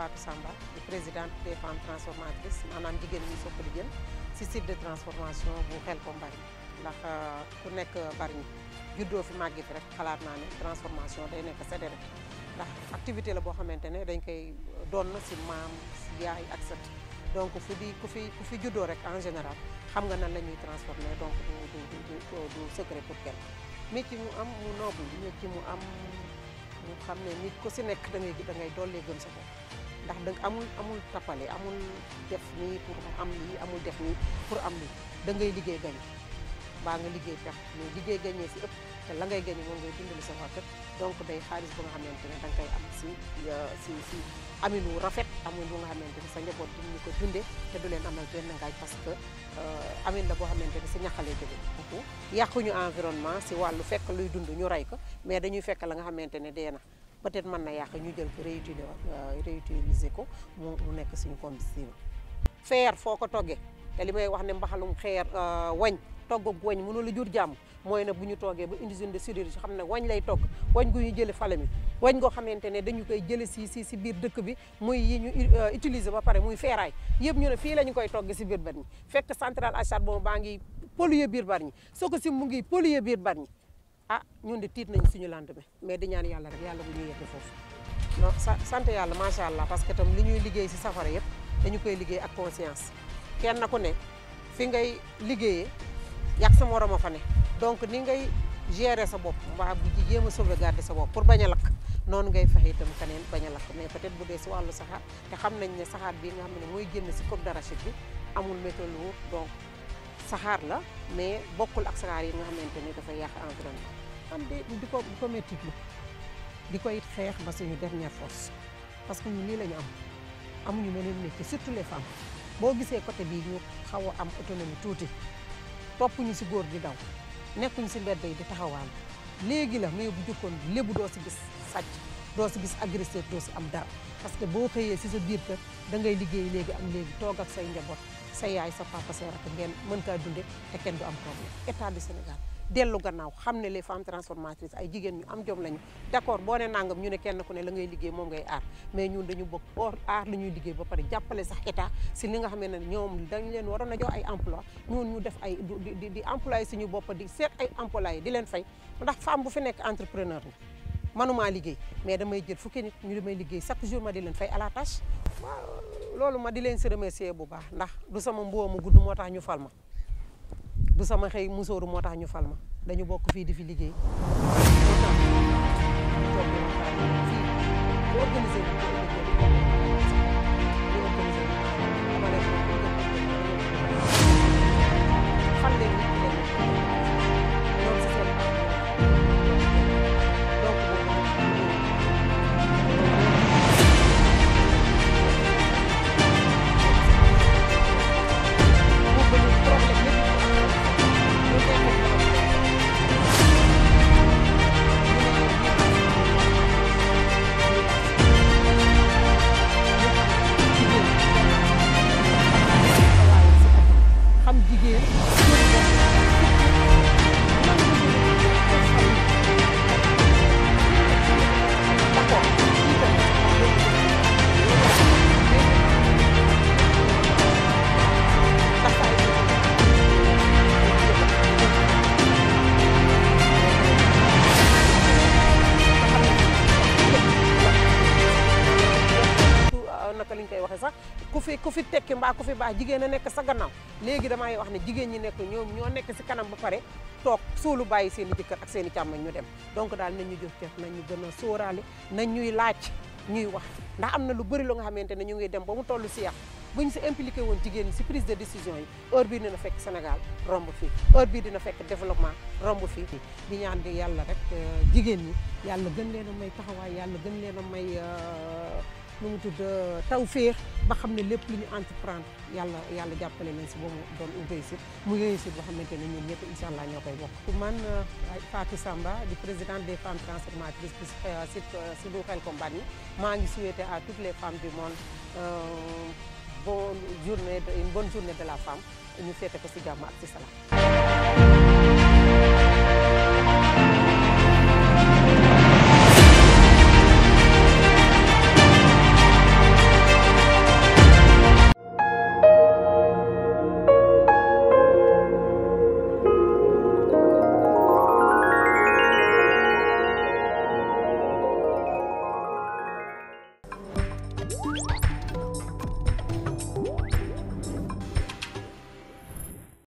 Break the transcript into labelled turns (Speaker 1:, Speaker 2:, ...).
Speaker 1: Fatou Samba di présidente des femmes transformatrices maanaam jigéen ñi soppali jën si site de transformation bu Xelcom Bargny ndax euh, ku nekk Bargny juddoo fi màggi fi rek xalaat naa ne transformation day nekk sa deret ndax activité la boo xamante ne dañ koy doon na si maam si ak sët donc fu di ku fi ku fi juddoo rek en général xam nga nan la ñuy transformer donc du du du secret pour kenn métier mu am mu noble métier mu am mu xam ne nit ku si nekk dangay ngay da ngay dolli gëm sa bopp ndax dëgg amul amul tappale amul def nii pour am lii amul def nii pour am lii da ngay liggéey gañe baa nga liggéey pex mais liggéey gañ gañee si ëpp te la ngay gañe moom ngay dundali sa waa kër donc day xaalis ba xamante ne da nga koy am si si si amin wu rafet amin bu nga xamante ne sa njaboot duñu ko dundee te du leen amal benn ngaaj parce que euh, amin la boo xamante ne si ñaxalee jóge yàquñu environnement si wàllu fekk luy dund ñu rey ko mais dañuy fekk la nga xamante ne dee na peut-être mën na yàq ñu jël ko réutiliser euh, réutiliser ko mu nekk suñu combustible. feer foo ko toggee te li may wax ne mbaxalum xeer euh, wañ toggag wañ mënu la jur jàmm mooy na bu ñu toogee ba usine de sidérurgie xam ne wañ lay togg wañ gu ñu jëlee fale mi wañ goo xamante ne dañu koy jëlee si si si biir dëkk bi muy yi ñu euh, utiliser ba pare muy feeraay yëpp ñu ne fii la ñu koy togg si biir Bargny fekk centrale à charbon baa ngi polluer biir Bargny soo ko si mu ngi polluer biir Bargny ah ñun de tiit nañ suñu lendemain mais di ñaan yàlla rek yàlla bu ñuy yegg foofu non sant yàlla macha allah parce que tam li ñuy liggéey si safara yëpp dañu koy liggéey ak conscience kenn ku ne fi ngay liggéeyee yàq sa morom a fa ne donc ni ngay gere sa bopp mbaa bu ji jéem a sauvegarder sa bopp pour bañ a lakk noonu ngay fexe itam keneen bañ a lakk mais peut-être bu dee si wàllu saxaar te xam nañ ne saxaar bi nga xam ne mooy génn si courbe dara rachis bi amul météo donc saxaar la mais bokkul ak saxaar yi nga xamante ne dafay yàq environnement am de di di ko méttit lu di koy xeex ba suñu dernière force parce que ñu lii la ñu am amuñu meneen métier surtout les femmes boo gisee côté bii ñu xaw a am autonomie tuuti toppuñu si góor di daw nekkuñu si mbedd yi di taxawaan léegi la mais bu jëkkoon lébu doo si gis sàcc doo si gis agresseur doo si am dara parce que boo xëyee si sa biir kër dangay ngay liggéey léegi am léegi toog ak say njaboot sa yaay sa papa say rakk ngeen mën kaa dunde te kenn du am problème état du Sénégal dellu gannaaw xam ne les femmes transformatrices ay jigéen ñu am jom lañu d' boo ne nangam ñu ne kenn ku ne la ngay liggéey moom ngay aar mais ñun dañu bokk or aar la ñuy liggéey ba pare jàppale sax état si ni nga xam ne ñoom dañ leen waroon a jox ay emploi ñun ñu def ay di di employé suñu bopp di seet ay employé di leen fay ndax femme bu fi nekk entrepreneur la manuma liggéey mais damay jël fukki nit ñu damay liggéey chaque jour ma di leen fay à la tâche loolu ma di leen si remercier bu baax ndax du sama mbóom mu gudd moo tax ñu fal ma du sama xëy musóoru moo tax ñu fal ma dañu bokk fii di fi liggéey ku fi tekki mbaa ku fi baax jigéen a nekk sa gannaaw léegi damay wax ne jigéen ñi nekk ñoom ñoo nekk si kanam ba pare toog lu bàyyi seen i ak seen i càmmañ ñu dem donc daal nañ ñu jox cër nañ ñu gën a sóoraale nañ ñuy laaj ñuy wax ndax am na lu bëri lu nga xamante ne ñu ngi dem ba mu toll si yàq bu ñu si impliqué woon jigéen si prise de décision yi heure bii dina fekk Sénégal romb fii heure bii dina fekk développement romb fii di ñaan di yàlla rek euh, jigéen ñi yàlla gën leen a may taxawaay yàlla gën leen a may euh, nu mu tudd euh, tawféex ba xam ne lépp lu ñu entreprendre yàlla yàlla jàppale nañ si ba mu doon u réussite mu réussite boo xamante ne ñun ñëpp incha allah ñoo koy bokk man euh, Fatou Samba di président des femmes transformatrices si Sidou Khel Compagnie maa ngi souhaité à toutes les femmes du monde euh, bonne journée une bonne journée de la femme ñu féete ko si jàmm ak si salaam